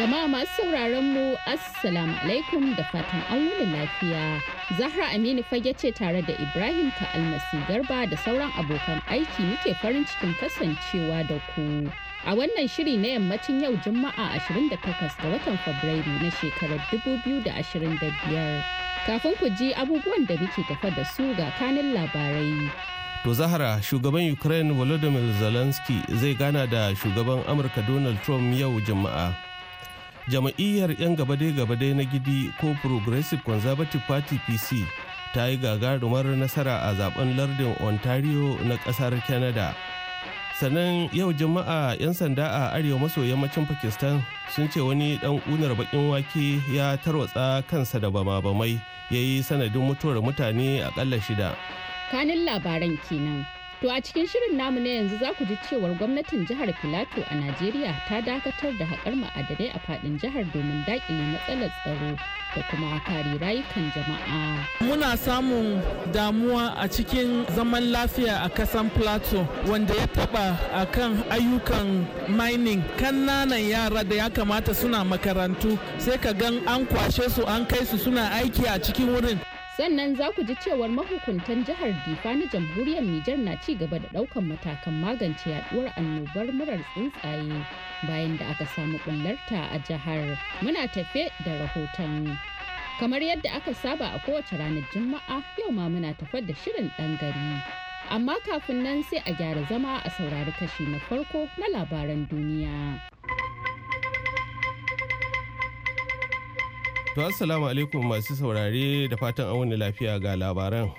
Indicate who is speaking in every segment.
Speaker 1: Jama'a masu sauraron mu Assalamu alaikum da fatan an wuni lafiya. Zahra Aminu fage ce tare da Ibrahim ka Almasi Garba da sauran abokan aiki muke farin cikin kasancewa da ku. A wannan shiri na yammacin yau Juma'a 28 ga watan Fabrairu na shekarar 2025. Kafin ku ji abubuwan da muke tafa da su ga kanin labarai.
Speaker 2: To Zahara shugaban Ukraine Volodymyr Zelensky zai gana da shugaban Amurka Donald Trump yau Juma'a. jama'iyyar 'yan gabade-gabade na gidi ko progressive conservative party pc ta yi gagarumar nasara a zaben lardin ontario na kasar canada sannan yau juma'a 'yan sanda a arewa maso yammacin pakistan sun ce wani dan unar bakin wake ya tarwatsa kansa da bama-bamai ya yi sanadin mutuwar mutane akalla shida
Speaker 1: kanin labaran kenan To a cikin shirin namu na yanzu za ku ji cewar gwamnatin jihar Filato a Najeriya ta dakatar da haƙar ma'adanai a faɗin jihar domin daƙile matsalar tsaro da kuma kare rayukan jama'a.
Speaker 3: Muna samun damuwa a cikin zaman lafiya a kasan Filato, wanda ya taɓa a kan ayyukan mining kananan yara da ya kamata suna makarantu sai ka gan an kwashe su an kai su suna aiki a cikin wurin
Speaker 1: sannan za ku ji cewar mahukuntan jihar difa na jamhuriyar nijar na ci gaba da daukan matakan magance yaduwar annobar murar tsuntsaye bayan da aka samu bullarta a jihar muna tafe da rahoton kamar yadda aka saba a kowace ranar juma'a yau ma muna tafar da shirin dan gari amma kafin nan sai a gyara zama a saurari kashi na farko na labaran duniya.
Speaker 2: To assalamu alaikum masu saurare da fatan wani lafiya ga labaran.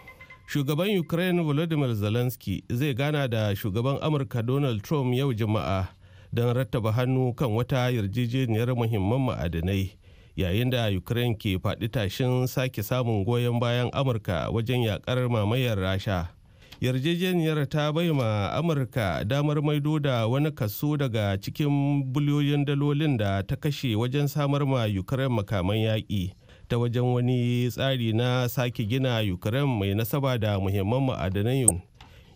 Speaker 2: Shugaban Ukraine Volodymyr Zelensky zai gana da shugaban Amurka Donald Trump yau Juma'a don rattaba hannu kan wata yarjejeniyar muhimman ma'adanai yayin da Ukraine ke faɗi tashin sake samun goyon bayan Amurka wajen yakar mamayar Rasha. yarjejeniyar ta bai ma amurka damar maido da wani kaso daga cikin biliyoyin dalolin da ta kashe wajen samar ma ukraine makaman yaƙi ta wajen wani tsari na sake gina ukraine mai nasaba da muhimman ma'adanan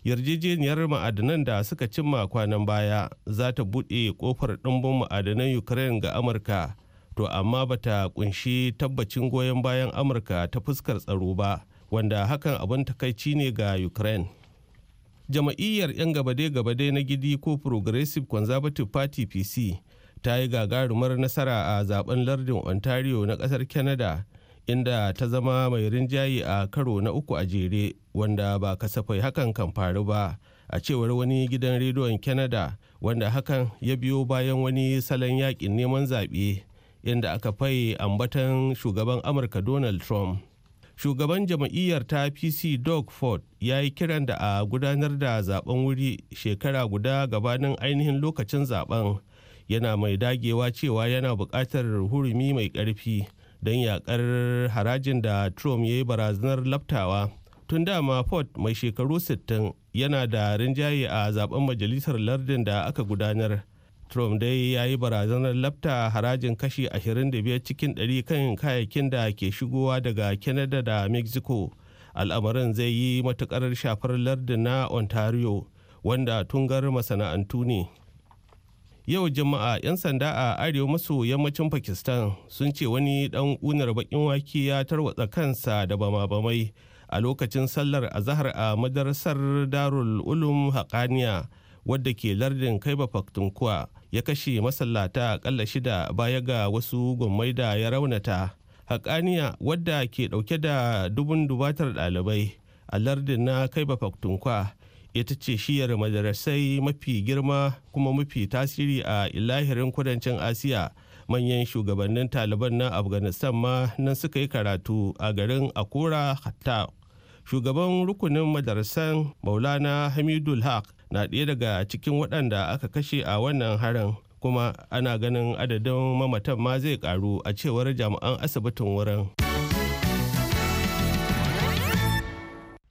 Speaker 2: yarjejeniyar ma'adanan da suka cimma kwanan baya za ta buɗe ƙofar ɗumbin ma'adanan ukraine ga amurka to amma bata kunshi tabbacin goyon bayan amurka ta fuskar tsaro ba wanda hakan abin takaici ne ga ukraine jama'iyyar 'yan gabade-gabade na gidi ko progressive conservative party pc ta yi gagarumar nasara a zaben lardin ontario na kasar canada inda ta zama mai rinjaye a karo na uku a jere wanda ba kasafai hakan kan faru ba a cewar wani gidan rediyon canada wanda hakan ya biyo bayan wani salon yakin neman zaɓe inda aka fai ambatan shugaban amurka donald trump shugaban jam'iyyar ta pc doug ford ya yi kiran da a gudanar da zaben wuri shekara guda gabanin ainihin lokacin zaben yana mai dagewa cewa yana buƙatar hurumi mai ƙarfi don yaƙar harajin da trump ya yi barazanar laftawa tun dama ford mai shekaru 60 yana da rinjaye a zaben majalisar lardin da aka gudanar Trump dai ya yi barazanar lafta harajin kashi 25 cikin 100 kan kayayyakin da ke shigowa daga Canada da Mexico. Al'amarin zai yi matukar shafar lardi na Ontario wanda tungar masana'antu ne. Yau Juma'a 'yan sanda a arewa maso yammacin Pakistan sun ce wani ɗan unar bakin waki ya tarwatsa kansa da bama-bamai a lokacin sallar azahar a madarasar Darul Ulum haqqaniya wadda ke lardin kaiba Pakhtunkhwa ya kashe masallata akalla shida baya ga wasu gwammai da ya raunata. Haƙaniya wadda ke ɗauke da dubun dubatar ɗalibai a lardin na kaiba Pakhtunkhwa ita ce shiyar madarasai mafi girma kuma mafi tasiri a ilahirin kudancin Asiya. manyan shugabannin taliban na afghanistan ma nan suka yi karatu a garin akura hatta shugaban rukunin madarsan maulana hamidul haq na ɗaya daga cikin waɗanda aka kashe a wannan harin kuma ana ganin adadin mamatan ma zai ƙaru a cewar jami'an asibitin wurin.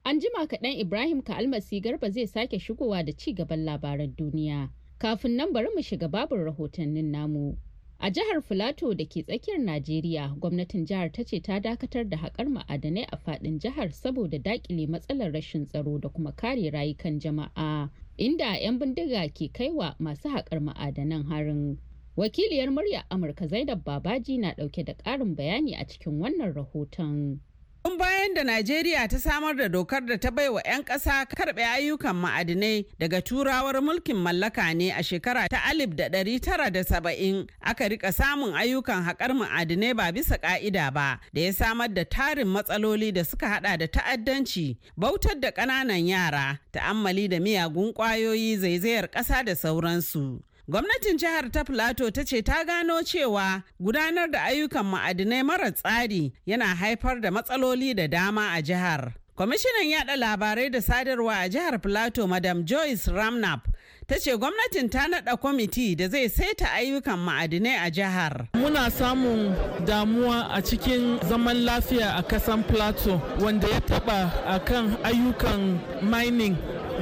Speaker 1: An jima kaɗan Ibrahim Ka'almasi Garba zai sake shigowa da ci gaban labaran duniya. Kafin nan bari mu shiga babin rahotannin namu. A jihar Filato da ke tsakiyar Najeriya, gwamnatin jihar ta ce ta dakatar da haƙar ma'adanai a faɗin jihar saboda daƙile matsalar rashin tsaro da kuma kare rayukan jama'a. inda 'yan bindiga ke kaiwa masu haƙar ma'adanan harin. Wakiliyar murya Amurka Zainab Babaji na ɗauke da ƙarin bayani a cikin wannan rahoton. Tun
Speaker 4: bayan da Najeriya ta samar da dokar da ta baiwa 'yan ƙasa karɓe ayyukan ma'adinai daga turawar mulkin mallaka ne a shekara ta alif da ɗari tara da saba'in aka rika samun ayyukan haƙar ma'adinai ba bisa ƙa'ida ba da ya samar da tarin matsaloli da suka haɗa da ta'addanci, bautar da ƙananan yara, ta'ammali da miyagun ƙwayoyi zaizayar ƙasa da sauransu. Gwamnatin jihar ta Plateau ta ce ta gano cewa gudanar da ayyukan ma'adinai mara tsari yana haifar da matsaloli da dama a jihar. Kwamishinan yada labarai da sadarwa a jihar Plateau Madam Joyce Ramnap ta ce gwamnatin ta naɗa kwamiti da zai saita ayyukan ma'adinai a jihar. Muna samun damuwa a cikin zaman lafiya a kasan Plateau
Speaker 3: wanda ya taɓa akan ayyukan mining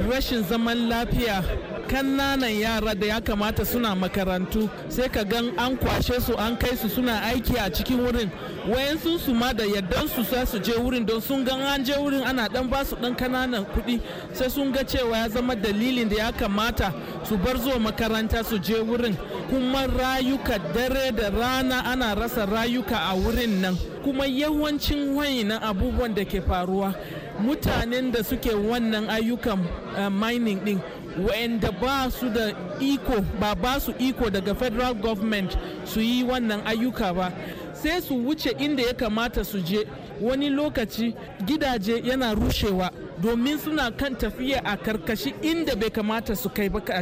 Speaker 3: rashin zaman lafiya kananan yara da ya kamata suna makarantu sai ka gan an kwashe su an kai su suna aiki a cikin wurin wayansu su ma da yardan su sai su je wurin don sun gan an je wurin ana dan ba su dan kananan kuɗi sai sun ga cewa ya zama dalilin da ya kamata su bar zuwa makaranta su je wurin kuma rayuka dare da rana ana rasa rayuka a wurin nan kuma yawancin na abubuwan da ke faruwa mutanen da suke wannan ayyukan eh, mining din wa'anda ba su da iko ba ba su iko daga federal government su yi wannan ayyuka ba sai su wuce inda ya kamata su je wani lokaci gidaje yana rushewa domin suna kan tafiya a karkashi inda bai kamata su kai ba a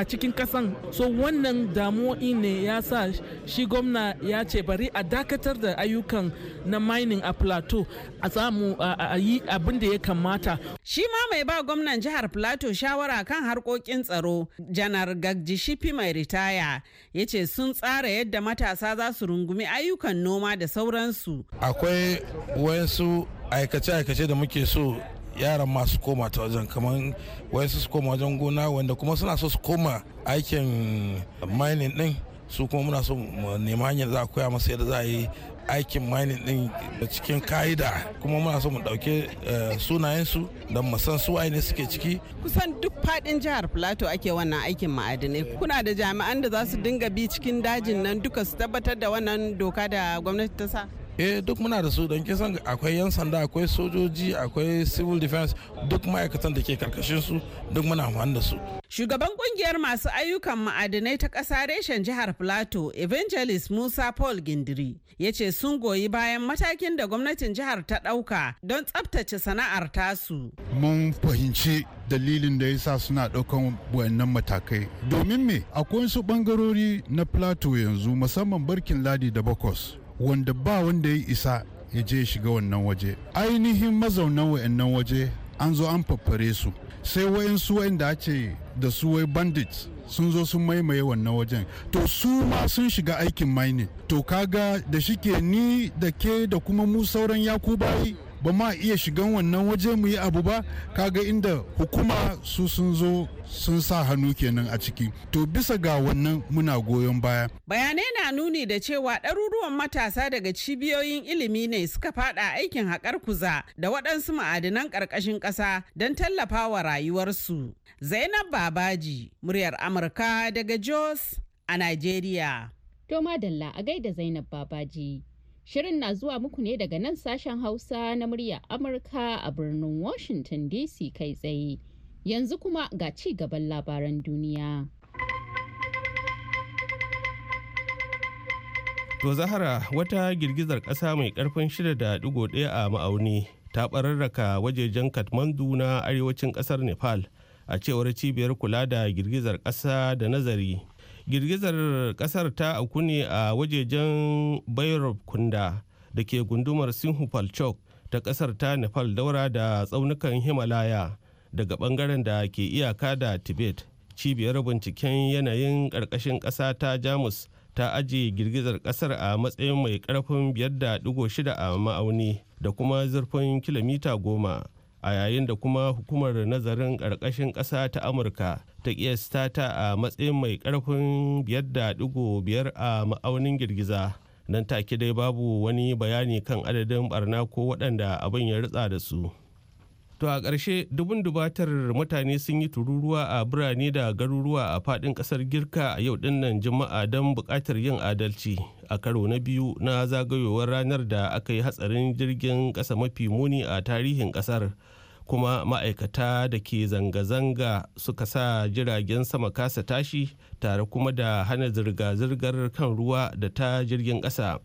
Speaker 3: a cikin kasan so wannan damuwa ne ya sa
Speaker 4: shi gwamna ya ce bari a dakatar da ayyukan na mining a plateau a samu a yi abin da ya kamata shi ma mai ba gwamnan jihar plateau shawara kan harkokin tsaro janar gagji shifi mai ritaya ya ce sun tsara yadda matasa za su rungumi ayyukan noma da sauransu
Speaker 3: akwai wasu aikace-aikace da muke so yaran masu su koma ta wajen kamar wayansu su koma wajen gona wanda kuma suna so su koma aikin mining din su kuma muna so mu nema hanyar za a koya masu yadda za a yi aikin mining din cikin ka'ida kuma muna so mu dauke eh, sunayensu don mu san su ne suke ciki
Speaker 4: kusan duk fadin jihar plateau ake wannan aikin ma'adinai kuna da jami'an da za su dinga bi cikin dajin nan duka su tabbatar da wannan doka da gwamnati ta sa
Speaker 3: eh duk muna da su don san akwai yan sanda akwai sojoji akwai civil defense duk ma'aikatan da ke karkashin su duk muna amfani da su
Speaker 4: shugaban kungiyar masu ayyukan ma'adinai ta ƙasa reshen jihar plateau evangelist musa paul gindiri ya ce sun goyi bayan matakin da gwamnatin jihar ta ɗauka don tsabtace sana'ar tasu
Speaker 3: mun fahimci dalilin da ya sa suna ɗaukan wayannan matakai domin me akwai su ɓangarori na plateau yanzu musamman barkin ladi da bakos wanda ba wanda ya isa ya je shiga wannan waje ainihin mazaunan wa'annan waje an zo an faffare su sai wayansu wa'anda ake da su wai bandits sun zo sun maimaye wannan wajen to su ma sun shiga aikin mining to kaga da shike ni da ke da kuma mu sauran yakubai ba ma iya shigan wannan waje mu yi abu ba kaga inda hukuma su sun zo sun sa hannu kenan a ciki to bisa ga wannan muna goyon baya
Speaker 4: bayanai na nuni da cewa ɗaruruwan matasa daga cibiyoyin ilimi ne suka fada aikin haƙar kuza da waɗansu ma'adinan ƙarƙashin ƙasa don tallafawa rayuwarsu zainab
Speaker 1: babaji muryar amurka daga jos a najeriya to madalla a gaida zainab babaji Shirin na zuwa muku ne daga nan sashen Hausa na murya Amurka a birnin Washington DC kai tsaye. Yanzu kuma ga ci gaban labaran duniya.
Speaker 2: To Zahara wata girgizar ƙasa mai ƙarfin 6.1 a ma'auni ta ɓararraka wajejen Kathmandu na arewacin ƙasar Nepal a cewar cibiyar kula da girgizar ƙasa da nazari. girgizar kasar ta auku ne a wajejen bayrop kunda da ke gundumar sinhupalchok ta kasar ta nepal daura da tsaunukan himalaya daga bangaren da ke iyaka da tibet cibiyar binciken yanayin karkashin kasa ta jamus ta aji girgizar kasar a matsayin mai karfin 5.6 a ma'auni da kuma zurfin kilomita goma a yayin da kuma hukumar nazarin ƙarƙashin ƙasa ta amurka ta ƙiyasta ta a matsayin mai ƙarfin biyar da digo biyar a ma'aunin girgiza nan take dai babu wani bayani kan adadin barna ko waɗanda abin ya ritsa da su. To a ƙarshe dubun dubatar mutane sun yi tururuwa a birane da garuruwa a faɗin ƙasar Girka a yau dinnan Juma'a don buƙatar yin adalci a karo na biyu na zagayowar ranar da aka yi hatsarin jirgin ƙasa mafi muni a tarihin ƙasar. Kuma ma'aikata da ke zanga-zanga suka sa jiragen sama kasa tashi tare kuma da hana zirga-zirgar kan ruwa da ta jirgin ƙasa.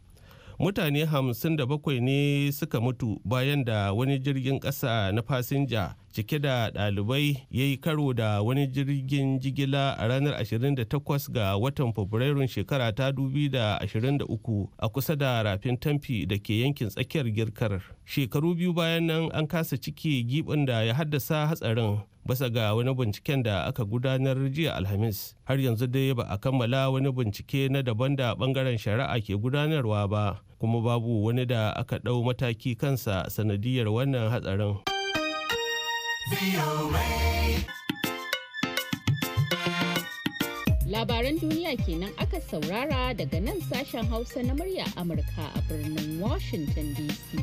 Speaker 2: mutane 57 ne suka mutu bayan da wani jirgin kasa na fasinja cike da ɗalibai ya yi karo da wani jirgin jigila a ranar 28 ga watan fabrairun shekara ta 2023 a kusa da rafin tamfi da ke yankin tsakiyar girkar shekaru biyu bayan nan an kasa ciki gibin da ya haddasa hatsarin basa ga wani binciken da aka gudanar jiya alhamis har yanzu dai ba a kammala wani bincike na daban da bangaren shari'a ke gudanarwa ba kuma babu wani da aka ɗau mataki kansa sanadiyar wannan hatsarin
Speaker 1: Labaran duniya kenan aka saurara daga nan sashen Hausa na murya Amurka a birnin Washington DC.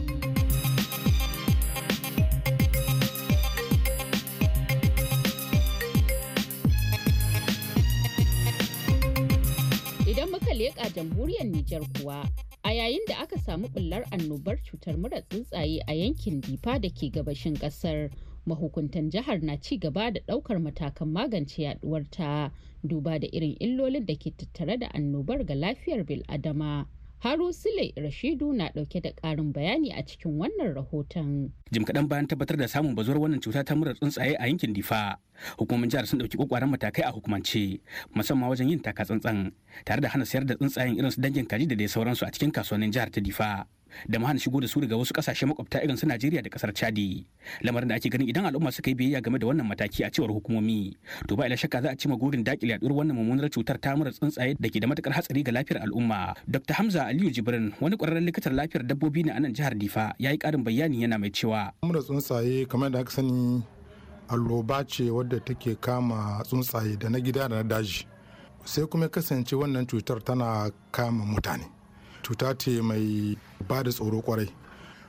Speaker 1: Idan muka leƙa jamhuriyar Nijar kuwa a yayin da aka samu bullar annobar cutar mura tsuntsaye a yankin difa da ke gabashin ƙasar. mahukuntan jihar na ci gaba da ɗaukar matakan magance yaduwar ta duba da irin illolin da ke tattare da annobar ga lafiyar bil'adama. Haru Sule Rashidu na ɗauke da ƙarin bayani a cikin wannan rahoton.
Speaker 5: Jim kaɗan bayan tabbatar da samun bazuwar wannan cuta ta murar tsuntsaye a yankin Difa, hukumomin jihar sun ɗauki ƙwaƙwaran matakai a hukumance, musamman wajen yin taka tsantsan, tare da hana sayar da tsuntsayen irin su dangin kaji da dai sauransu a cikin kasuwannin jihar ta Difa. da ma shigo da su daga wasu kasashe makwabta irin su Najeriya da kasar Chadi lamarin da ake ganin idan al'umma suka yi biyayya game da wannan mataki a cewar hukumomi to ba ila shakka za a cima gurin dakile yaduwar wannan mummunar cutar ta mura tsuntsaye da ke da matukar hatsari ga lafiyar al'umma Dr. Hamza Aliyu Jibrin wani kwararren likitar lafiyar dabbobi ne a nan jihar Difa ya yi karin bayani yana mai cewa
Speaker 3: mura tsuntsaye kamar da aka sani alloba ce wadda take kama tsuntsaye da na gida da na daji sai kuma kasance wannan cutar tana kama mutane cuta ce mai ba da tsoro kwarai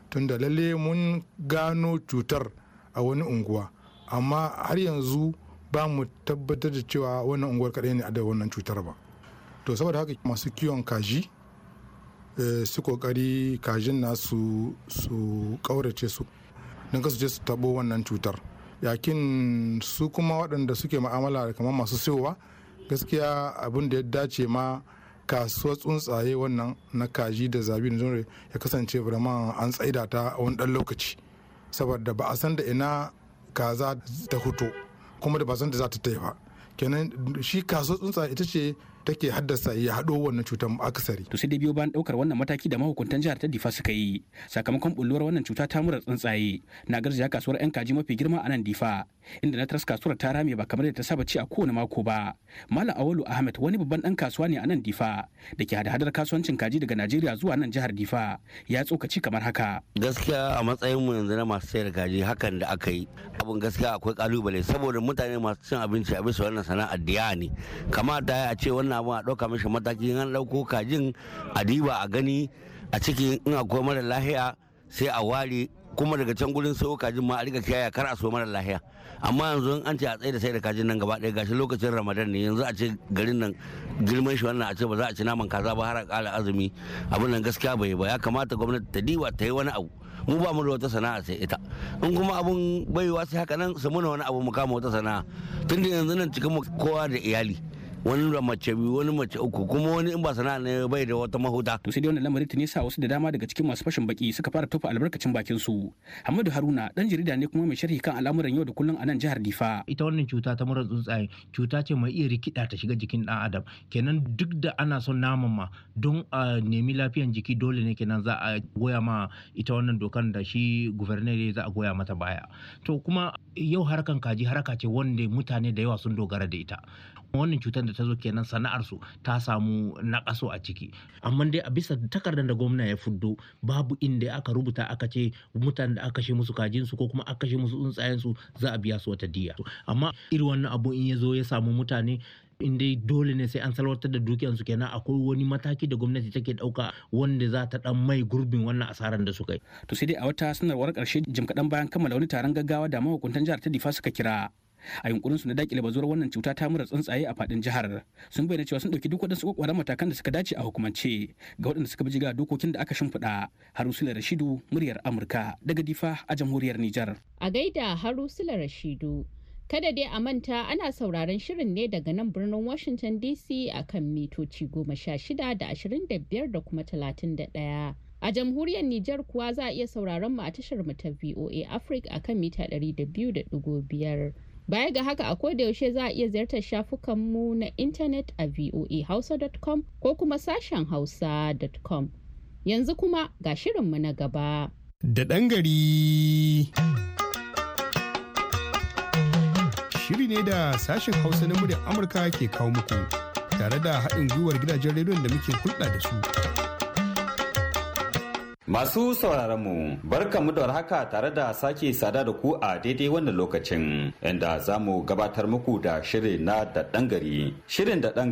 Speaker 3: tunda lalle mun gano cutar a wani unguwa amma har yanzu ba mu tabbatar da cewa wannan unguwar kadai ne da wannan cutar ba to saboda haka masu kiwon kaji eh, su kokari kajin nasu su kaurace su don kasu je su tabo wannan cutar yakin su kuma waɗanda suke ma'amala kamar masu siyowa gaskiya abin da ya dace ma kasuwar tsuntsaye wannan na kaji da zabi da zonre ya kasance vraiment an tsaida ta a wani dan lokaci saboda ba a san da ina kaza ta fito kuma da ba san da za ta tai
Speaker 5: ba kenan shi kasuwar tsuntsaye ita ce take haddasa ya haɗo wannan cutar akasari. To sai dai biyo bayan ɗaukar wannan mataki da mahukuntan jihar ta Difa suka yi sakamakon bulluwar wannan cuta ta murar tsuntsaye na garzaya kasuwar 'yan kaji mafi girma a nan Difa inda na taras kasuwar ta rame ba kamar da ta saba ci a kowane mako ba malam awolu ahmed wani babban dan kasuwa ne a nan difa da ke hada-hadar kasuwancin kaji daga najeriya zuwa nan jihar difa ya tsokaci kamar haka
Speaker 6: gaskiya a matsayin mu yanzu na masu sayar kaji hakan da aka yi abin gaskiya akwai kalubale saboda mutane masu cin abinci a bisa wannan sana'ar diya ne kamata a ce wannan abun a ɗauka mishi mataki an ɗauko kajin a diba a gani a ciki in akwai mara lahiya sai a ware kuma daga can gurin sau kajin ma a riga kiyaye kar a so mara lahiya amma yanzu an ce a tsaye da sai da kajin nan gaba ɗaya gashi lokacin ramadan ne yanzu a ce garin nan girman shi wannan a ce ba za a ci naman kaza ba har a ƙara azumi abin nan gaskiya bai ba ya kamata gwamnati ta diba ta yi wani abu mu ba mu da wata sana'a sai ita in kuma abun baiwa sai haka nan su muna wani abu mu kama wata sana'a tunda yanzu nan cikin kowa da iyali wani mace biyu wani mace uku kuma wani in ba sana'a ne bai da
Speaker 5: wata mahuta to sai dai wannan lamarin tuni sa wasu da dama daga cikin masu fashin baki suka fara tofa albarkacin bakin su Hamadu Haruna dan jarida ne kuma mai sharhi kan al'amuran yau da kullun a nan jihar Difa ita wannan cuta ta mura tsuntsaye cuta ce mai iya rikida ta shiga jikin dan adam kenan duk da ana son naman ma don a nemi lafiyan jiki dole ne kenan za a goya ma ita wannan dokar da shi gwamnati za a goya mata baya to kuma yau harkan kaji haraka ce wanda mutane da yawa sun dogara da ita wannan cutar da ta zo kenan sana'ar su ta samu nakaso a ciki amma dai a bisa takardar da gwamna ya fuddo babu inda aka rubuta aka ce mutanen da aka kashe musu kajinsu ko kuma aka kashe musu tsuntsayensu za a biya su wata diya amma irin wannan abu in ya zo ya samu mutane in dai dole ne sai an salwatar da su kenan akwai wani mataki da gwamnati take dauka wanda za ta dan mai gurbin wannan asaran da suka yi to sai dai a wata sanarwar karshe jim kaɗan bayan kammala wani taron gaggawa da mahukuntan jihar ta difa suka kira a yunkurin su na dakile bazuwar wannan cuta ta mura tsuntsaye a fadin jihar sun bayyana cewa sun dauki duk waɗansu kokwaran matakan da suka dace a hukumance ga waɗanda suka bijiga dokokin da aka shimfiɗa harusula rashidu muryar amurka daga difa a jamhuriyar nijar
Speaker 1: a gaida harusula rashidu kada dai a manta ana sauraron shirin ne daga nan birnin washington dc a kan mitoci goma sha shida da ashirin da biyar da kuma talatin da ɗaya. A jamhuriyar Nijar kuwa za a iya sauraron mu a tashar mu ta VOA Africa akan mita ɗari da da biyu biyar Baya ga haka a yaushe za a iya ziyartar shafukanmu na intanet a voahausa.com ko kuma sashen hausa.com. Yanzu kuma ga shirinmu na gaba. Da ɗan gari.
Speaker 5: Shiri ne da sashen hausa na muryar Amurka ke kawo muku tare da haɗin gwiwar gidajen rediyon da muke hulɗa da su.
Speaker 7: Masu sauraron mu barka mu da haka tare da sake sada da ku a daidai wannan lokacin inda za mu gabatar muku da shirin na da ɗangare. Shirin da ɗan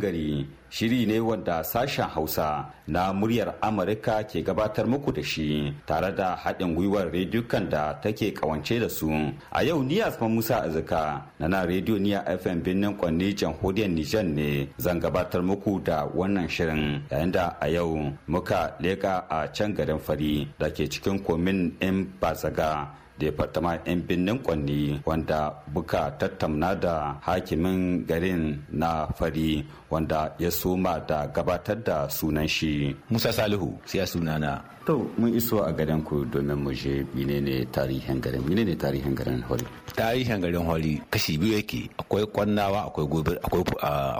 Speaker 7: shiri ne wanda sashen hausa na muryar amurka ke gabatar muku da shi tare da haɗin gwiwar rediyokan da take kawance da su a yau ni asma musa azuka na na rediyo niya fm birnin kwanne jamhuriyar nijar ne zan gabatar muku da wannan shirin yayin da a yau muka leƙa a can garin fari da ke cikin komin in bazaga Departement 'yan birnin kwanni wanda buka tattamna da hakimin garin na fari wanda ya soma da gabatar da sunan shi
Speaker 6: musa salihu siya sunana to mun iso a garin ku domin mu je menene tarihin garin menene tarihin garin holi tarihin garin holi kashi biyu yake akwai kwannawa akwai gobe akwai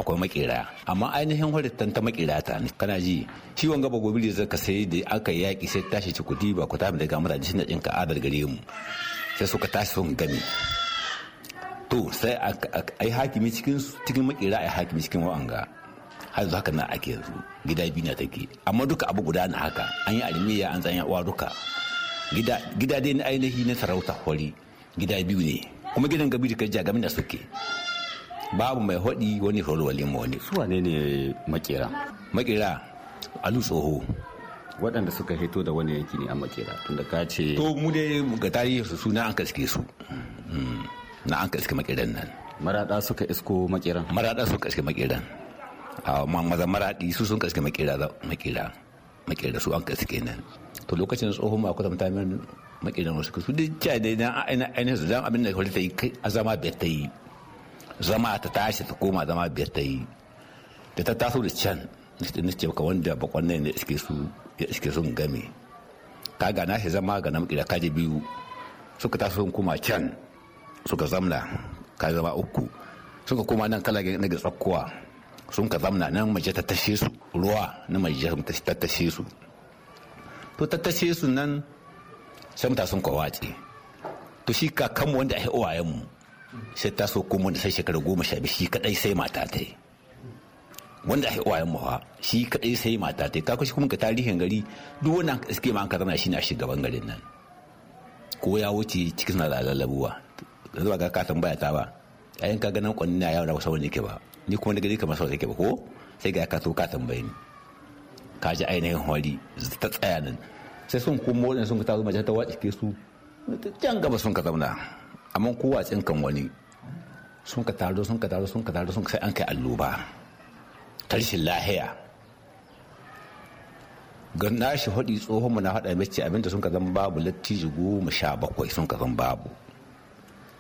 Speaker 6: akwai makera amma ainihin holi tan ta makera ta ne kana ji shi wanga ba gobir zaka sai da aka yaki sai tashi ci kudi ba ku ta daga mutane shi na ka adar gare mu sai suka tashi sun gami to sai a yi hakimi cikin cikin makera a yi hakimi cikin wa'anga har zuwa haka na ake yanzu gida biyu na take amma duka abu guda na haka an yi alimiyya an tsanya uwa duka gida dai na ainihi na sarauta hori gida biyu ne kuma gidan gabi da kajiya gami da suke babu mai hodi wani horo walima wani su ne ne makera makera alu tsoho waɗanda suka hito da wani yanki ne a makera tunda ka ce to mu dai ga tarihi su suna an kaske su na an kaske hmm, makeran nan Maraɗa suka isko makeran Maraɗa suka iske makeran amma maza maraɗi su sun kaske makera makera makera su an kaske nan to lokacin tsohon ma kusa mutane makeran wasu su duk ja dai dan ainihin su Zama abin da kwalita yi kai a zama biyar ta yi zama ta tashi ta koma zama biyar ta yi da ta taso da can na ce ka wanda bakon ne da iske su ya iske sun game kaga na shi zama ga namki da kaji biyu suka taso sun kuma can suka zamna ka zama uku suka kuma nan kala na ga tsakkuwa sun ka zamna nan mace ta tashe su ruwa na mace ta tashe su to ta tashe su nan sai muta sun kwawace to shi ka kan wanda a uwayenmu sai taso kuma da sai shekara goma sha biyu shi kadai sai mata ta yi wanda ake uwayen mu shi kadai sai mata ta ka kashi kuma ka tarihin gari duk wannan iske ma ka shi na shugaban garin nan ko ya wuce cikin da lalabuwa zuwa ga katon baya ta ba ayin ka ganin kwanin na yawon wasu wani ke ba ni kuma gari kamar sau ke ba ko sai ga ka so ka tambaye ka ji ainihin hori ta tsaya nan sai sun kuma wani sun ka tazo mace ta wace ke su can gaba sun ka zauna amma kowa tsinkan wani sun ka taro sun ka taro sun ka taro sun ka sai an kai alluba tarshen lahiya ga shi hudi tsohon mu na hada mace abinda sun ka zan babu latti goma sha bakwai sun ka zan babu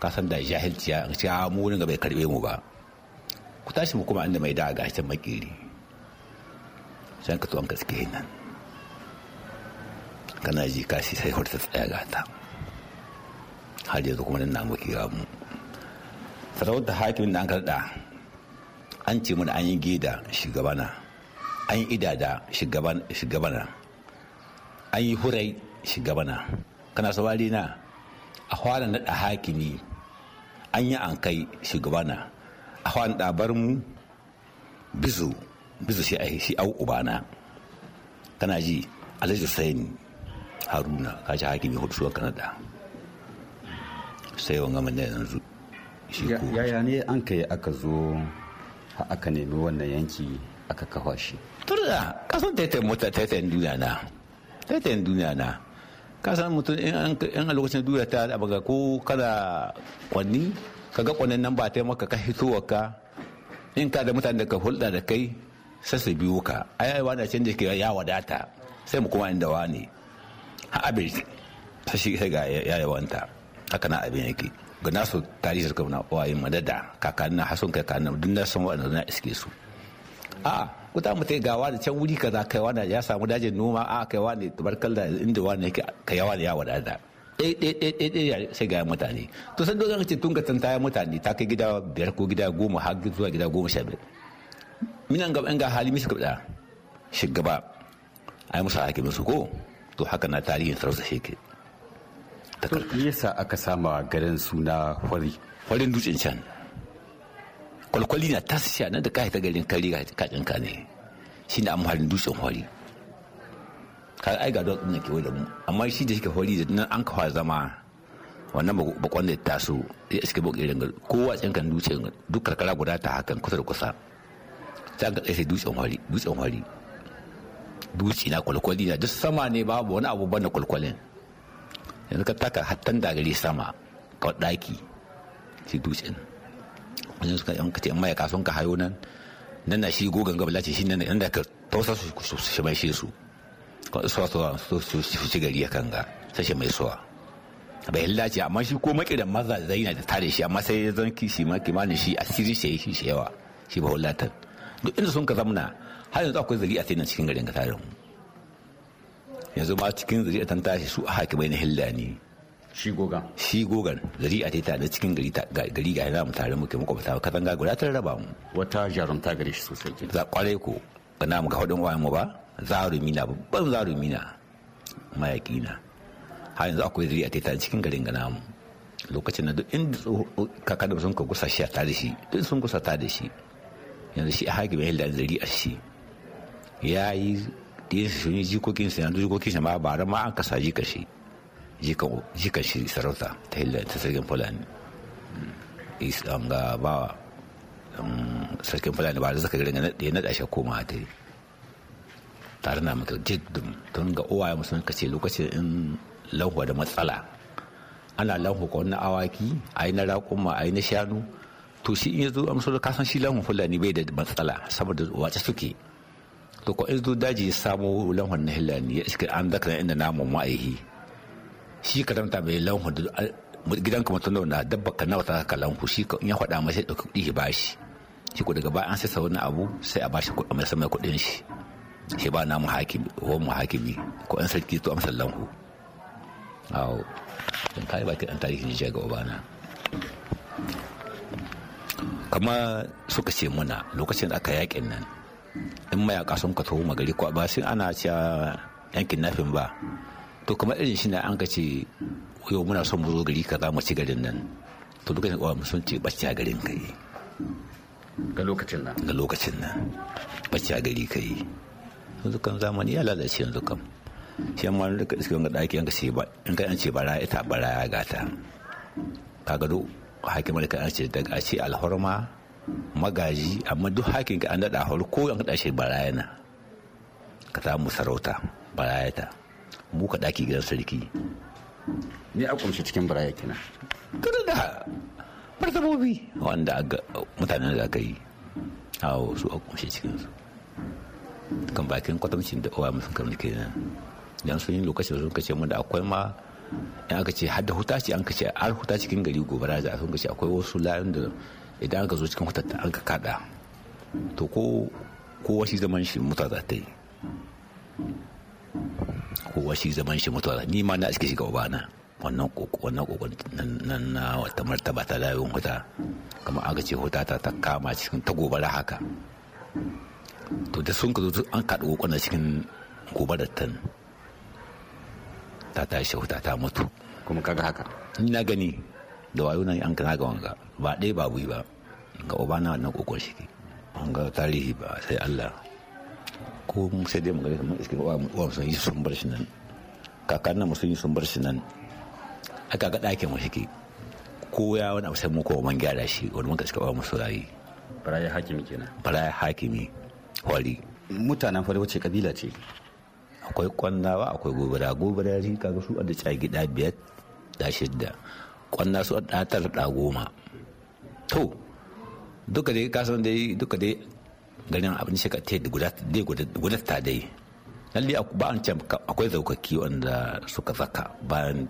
Speaker 6: ka san da jahilci ah, ya ce a munin ga bai karbe mu ba ku tashi mu kuma inda mai da ga shi makiri san ka tuwan gaske nan kana ji kashi sai hurta tsaya gata har yanzu kuma nan na makira mu sarauta hakimin da an karɗa an ce mana an yi gida shugabana an yi idada shugabana an yi hurai shugabana kana saurari na a fara da hakimi an yi an kai shugabana a da bar mu bizu bizu shi a shi au ubana kana ji alhaji sayin haruna ka ji hakimi hudu suwa kanada sai wanga da yanzu yaya ne an kai aka zo aka nemi wannan yanki aka kafa shi turda kasan taitayin mota taitayin duniya na taitayin duniya na kasan mutum in a lokacin duniya ta abaga ko kana kwanni ga kwanin nan ba ta maka ka hitowa ka in ka da mutane da ka hulɗa da kai sai su biyo ka ai wani can da ke ya wadata sai mu kuma inda wani ha abin sai shi ga ya yawanta haka na abin yake ga nasu tarihi suka na wa madada na hasun kakannin duk na san wa'anda na iske su a kuta mu tai gawa da can wuri kaza kai wani ya samu dajin noma a kai wani tabarkal da inda wani yake kai wani ya da ɗai ɗai ɗai ɗai ɗai sai ga mutane to san dole kace tun ta tantaya mutane ta kai gida biyar ko gida goma har zuwa gida goma sha biyar minan gaba ga hali misu gaba a ai musu hakimin su ko to haka na tarihin sarauta shi ke ta karfi yasa aka sama garin suna hori horin dutsen can kwalkwali na ta sha nan da kai ta garin kari kacin ka ne shi na amfanin dutsen hori ka ai ga dutsen da kewaye da mu amma shi da shi hori da nan an kawo zama wannan bakon da ta so ya iske bakirin gari kowa tsin kan dutsen duk karkara guda ta hakan kusa da kusa ta ga tsaye dutsen hori dutsen fari dutse na kwalkwali na duk sama ne babu wani abu ban da kwalkwalin yanzu ka taka hattan dagare sama ka daki shi dutse wajen suka yan kace mai kasuwan ka hayo nan nan na shi gogon gaba lace shi nan nan da ka tausa su shi mai shi su ka su su su su ci gari kan ga sai mai suwa bai ce amma shi ko da maza zai na da tare shi amma sai zan kishi ma kimanin shi asiri shi shi yawa shi ba hulatar duk inda sun ka zamna har yanzu akwai zari a sai nan cikin garin ga tare mu yanzu ma cikin zuri'a tan tashi su hakimai na hilla ne shi gogan shi gogan zuri'a ta da cikin gari gari ga yana mu tare muke Ka katanga guda ta raba mu wata ta gare shi sosai za kware ko ga namu ga hudun wayan mu ba zarumi na babban zarumi na mayaki na har yanzu akwai zuri'a ta cikin garin ga namu lokacin na duk inda kakan sun ka gusa shi a tare shi duk sun gusa tare shi yanzu shi a hakimin hilla zuri'a shi ya yi da sun yi jikokin su yanzu jikokin sa ma ba bara ma an kasa jika shi jika shi sarauta ta hila ta sarkin fulani islam um, ga bawa um, sarkin fulani ba da zaka gari ya naɗa shi koma ta yi tare na maka jiddin tun ga uwa ya musamman kace lokacin in lanhuwa da matsala ana lanhu ka wani awaki a yi na raƙuma a yi na shanu to shi in ya zo amsar kasan shi lanhu fulani bai da matsala saboda wace suke to ko in zo daji ya samu lanhon na hillani ya iska an zaka inda namun ma'aihi shi karanta mai lanhon gidanka mutum na dabba ka nawa ta ka lanhu shi in ya faɗa masa ya ɗauki kuɗi shi bashi shi ko daga baya an sai sauran abu sai a bashi kuɗi mai samai kuɗin shi shi ba na mu hakimi ko mu hakimi ko in sarki to amsar lanhu awo don kare bakin an tarihi jiya ga obana kama suka ce muna lokacin da aka yaƙin nan in mayaka sun ka tuhu magari kwa ba sai ana cewa yankin nafin ba to kamar irin shi na an ka ce yau muna son mu zo gari ka za mu ci garin nan to lokacin mu sun ce bacci a garin kai ga lokacin nan ga lokacin nan bacci a gari kai yanzu kan zamani ya lalace yanzu kam shi amma duka iske ga daki yanka ce ba in kai an ce bara ita bara ya gata ga do hakimar ka an ce daga a ce alhorma magaji amma duk hakin ka an daɗa hau ko an kaɗa shi barayana ka mu sarauta barayata mu ka ɗaki gidan sarki ne a kunshi cikin baraya kina kada da martabobi wanda mutanen da aka yi awo su a kunshi su. kan bakin kwatamcin da owa musu kamar kenan dan sun yi lokacin sun kace mu da akwai ma in aka ce hada hutaci ce an kace har hutaci kin gari gobara za a sun kace akwai wasu layan da idan aka zo cikin hutar an ka kada to ko kowa shi zaman shi mutuwa za ta yi kowa shi zaman shi mutuwa ni ma na aske shiga na wannan wannan kokonin na wata martaba ta layin huta kamar aka ce huta ta ta kama cikin ta gobara haka to da sun ka zo an kaɗa kokonin cikin gobarar tan ta tashi huta ta mutu kuma kaga haka ni na gani da wayo na an kana ga wanga ba dai ba bui ba ga na wannan kokon shi wanga tarihi ba sai Allah ko mun sai dai mu gani kamar iskin uwan sun yi sun bar shi nan kakan nan sun yi sun bar shi nan aka ga dakin mu shike ko ya wani abu sai mu ko man gyara shi wani muka suka uwa mu surayi baraya hakimi kenan baraya hakimi wali mutanen fari wace kabila ce akwai kwandawa akwai gobara gobara shi kaga su da da biyar da shidda kwanna su da tara da goma to duka dai kasan dai duka dai garin abin shi ka te guda dai guda ta dai lalle ba an can akwai zaukaki wanda suka zaka bayan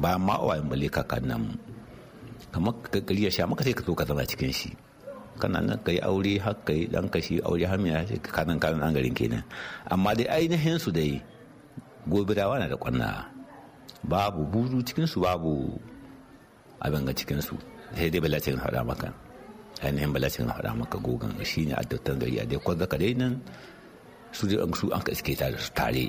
Speaker 6: bayan ma'awayin bale kakannan kamar ka kariya sha maka sai ka so ka zama cikin shi kana nan ka yi aure har kai yi dan kashi aure har mai kanan kanan an garin kenan amma dai ainihin su dai gobirawa na da kwanna babu buzu cikinsu babu abin ga cikinsu sai dai balacin haɗa maka ainihin balacin haɗa maka gogon shi ne addautan gari a dai kwanza kadai nan su an su an ka iske tare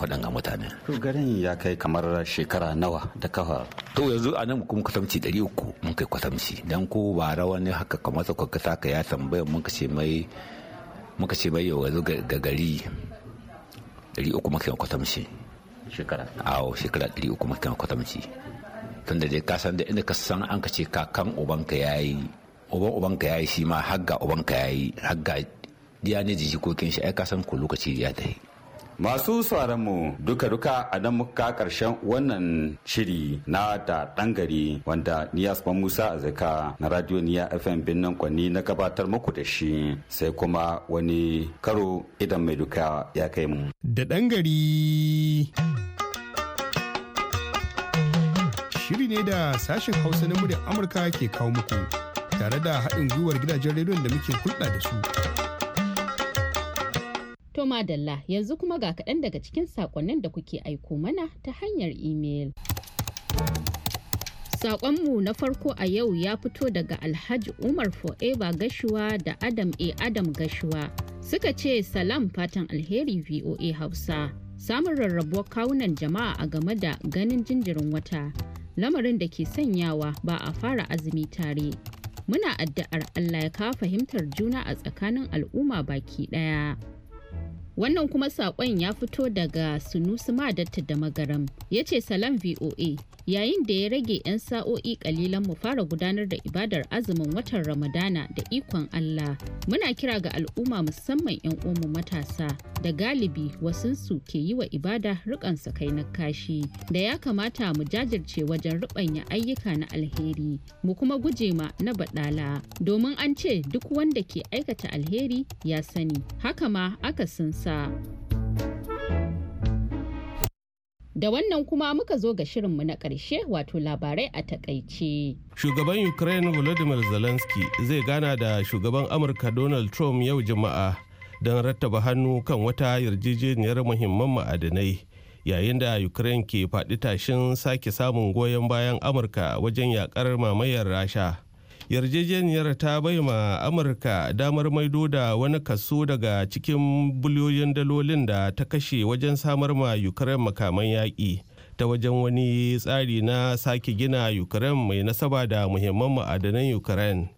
Speaker 6: waɗanga mutane. to garin ya kai kamar shekara nawa da kafa. to yanzu a nan kuma kwatamci ɗari uku mun kai kwatamci don ko ba rawa ne haka kamar sa kwakwa saka ya tambaya mun ce mai muka ce mai yau ga gari ɗari uku muka yi kwatamci. shekara a shekara 300 kuma kan kwatamci tunda dai ka da inda ka san an ka ce kakan ubanka yayi uban ubanka yayi shi ma hagga ubanka yayi hagga diya ne jikokin shi ai kasan san ko lokaci ya tafi Masu mu duka-duka a nan muka karshen wannan
Speaker 7: shiri na da ɗan gari wanda Niyas Musa a zaka na Radio Niya FM Binnan Kwanni na gabatar muku da shi sai kuma wani karo idan mai duka ya kai mu.
Speaker 5: Da ɗan gari. Shiri ne da sashen Hausa na muryar Amurka ke kawo muku tare da haɗin gwiwar gidajen rediyon da muke hulɗa da su.
Speaker 1: To madalla yanzu kuma ga kaɗan daga cikin saƙonnin da kuke aiko mana ta hanyar imel. saƙonmu na farko a yau ya fito daga Alhaji Umar Fo'eba Gashuwa da Adam A. Adam Gashuwa. Suka ce salam fatan alheri VOA Hausa. Samun rarrabuwar kawunan jama'a a game da ganin jinjirin wata. Lamarin da ke sanyawa ba a fara azumi tare. Muna addu'ar Allah ya kawo fahimtar juna a tsakanin al'umma baki ɗaya. Wannan kuma saƙon ya fito daga sunusu Madatta da Magaram. Ya ce salam VOA yayin da ya rage 'yan sa'o'i kalilan mu fara gudanar da ibadar azumin watan Ramadana da ikon Allah. Muna kira ga al'umma musamman 'yan uwanmu matasa da galibi wasunsu ke yi wa ibada rikan kai na kashi da ya kamata mu jajirce wajen rubanya ayyuka na alheri mu kuma guje ma na baɗala domin an ce duk wanda ke aikata alheri ya sani haka ma aka sun Hausa. Da wannan kuma muka zo ga shirinmu na ƙarshe wato labarai a takaice.
Speaker 2: Shugaban Ukraine Volodymyr Zelensky zai gana da shugaban Amurka Donald Trump yau Juma'a don rattaba hannu kan wata yarjejeniyar muhimman ma'adanai yayin da Ukraine ke faɗi tashin sake samun goyon bayan Amurka wajen yakar mamayar Rasha. yarjejeniyar ta bai ma amurka damar maido da wani kaso daga cikin biliyoyin dalolin da ta kashe wajen samar ma ukraine makaman yaƙi ta wajen wani tsari na sake gina ukraine mai nasaba da muhimman ma'adanan ukraine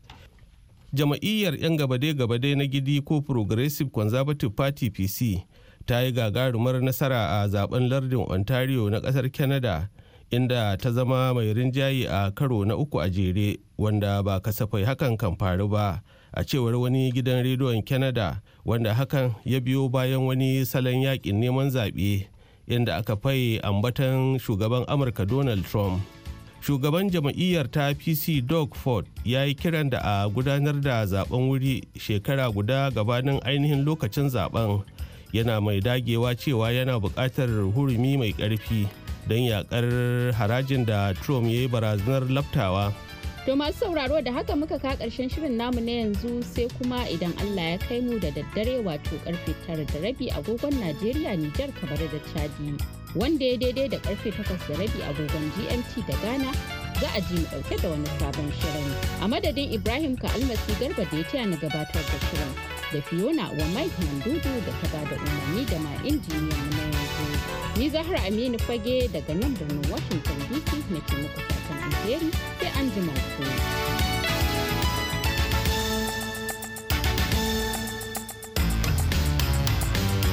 Speaker 2: jama'iyyar 'yan gabade-gabade na gidi ko progressive conservative party pc ta yi gagarumar nasara a zaben lardin ontario na kasar canada inda ta zama mai rinjaye a karo na uku a jere wanda ba kasafai hakan kan faru ba a cewar wani gidan rediyon canada wanda hakan ya biyo bayan wani salon yakin neman zaɓe inda aka fai ambatan shugaban amurka donald trump shugaban jam'iyyar ta pc doug ford ya yi kiran da a gudanar da zaben wuri shekara guda gabanin ainihin lokacin zaben yana mai dagewa cewa yana buƙatar hurumi mai ƙarfi. don yakar harajin da trump ya yi barazanar laftawa
Speaker 1: To masu sauraro da haka muka ka karshen shirin namu na yanzu sai kuma idan Allah ya kai mu da daddare wato karfe tara da rabi agogon Najeriya Nijar kamar da Chadi wanda ya daidai da karfe takwas da rabi agogon GMT da Ghana za a ji mu ɗauke da wani sabon shirin. A madadin Ibrahim ka almasi garba da ya ta na gabatar da shirin da Fiona wa Mike Mandudu da ta da umarni da ma injiniyan mu na Ni Zahra Aminu Fage daga nan birnin Washington DC nake muku fatan alheri sai an jima kuma.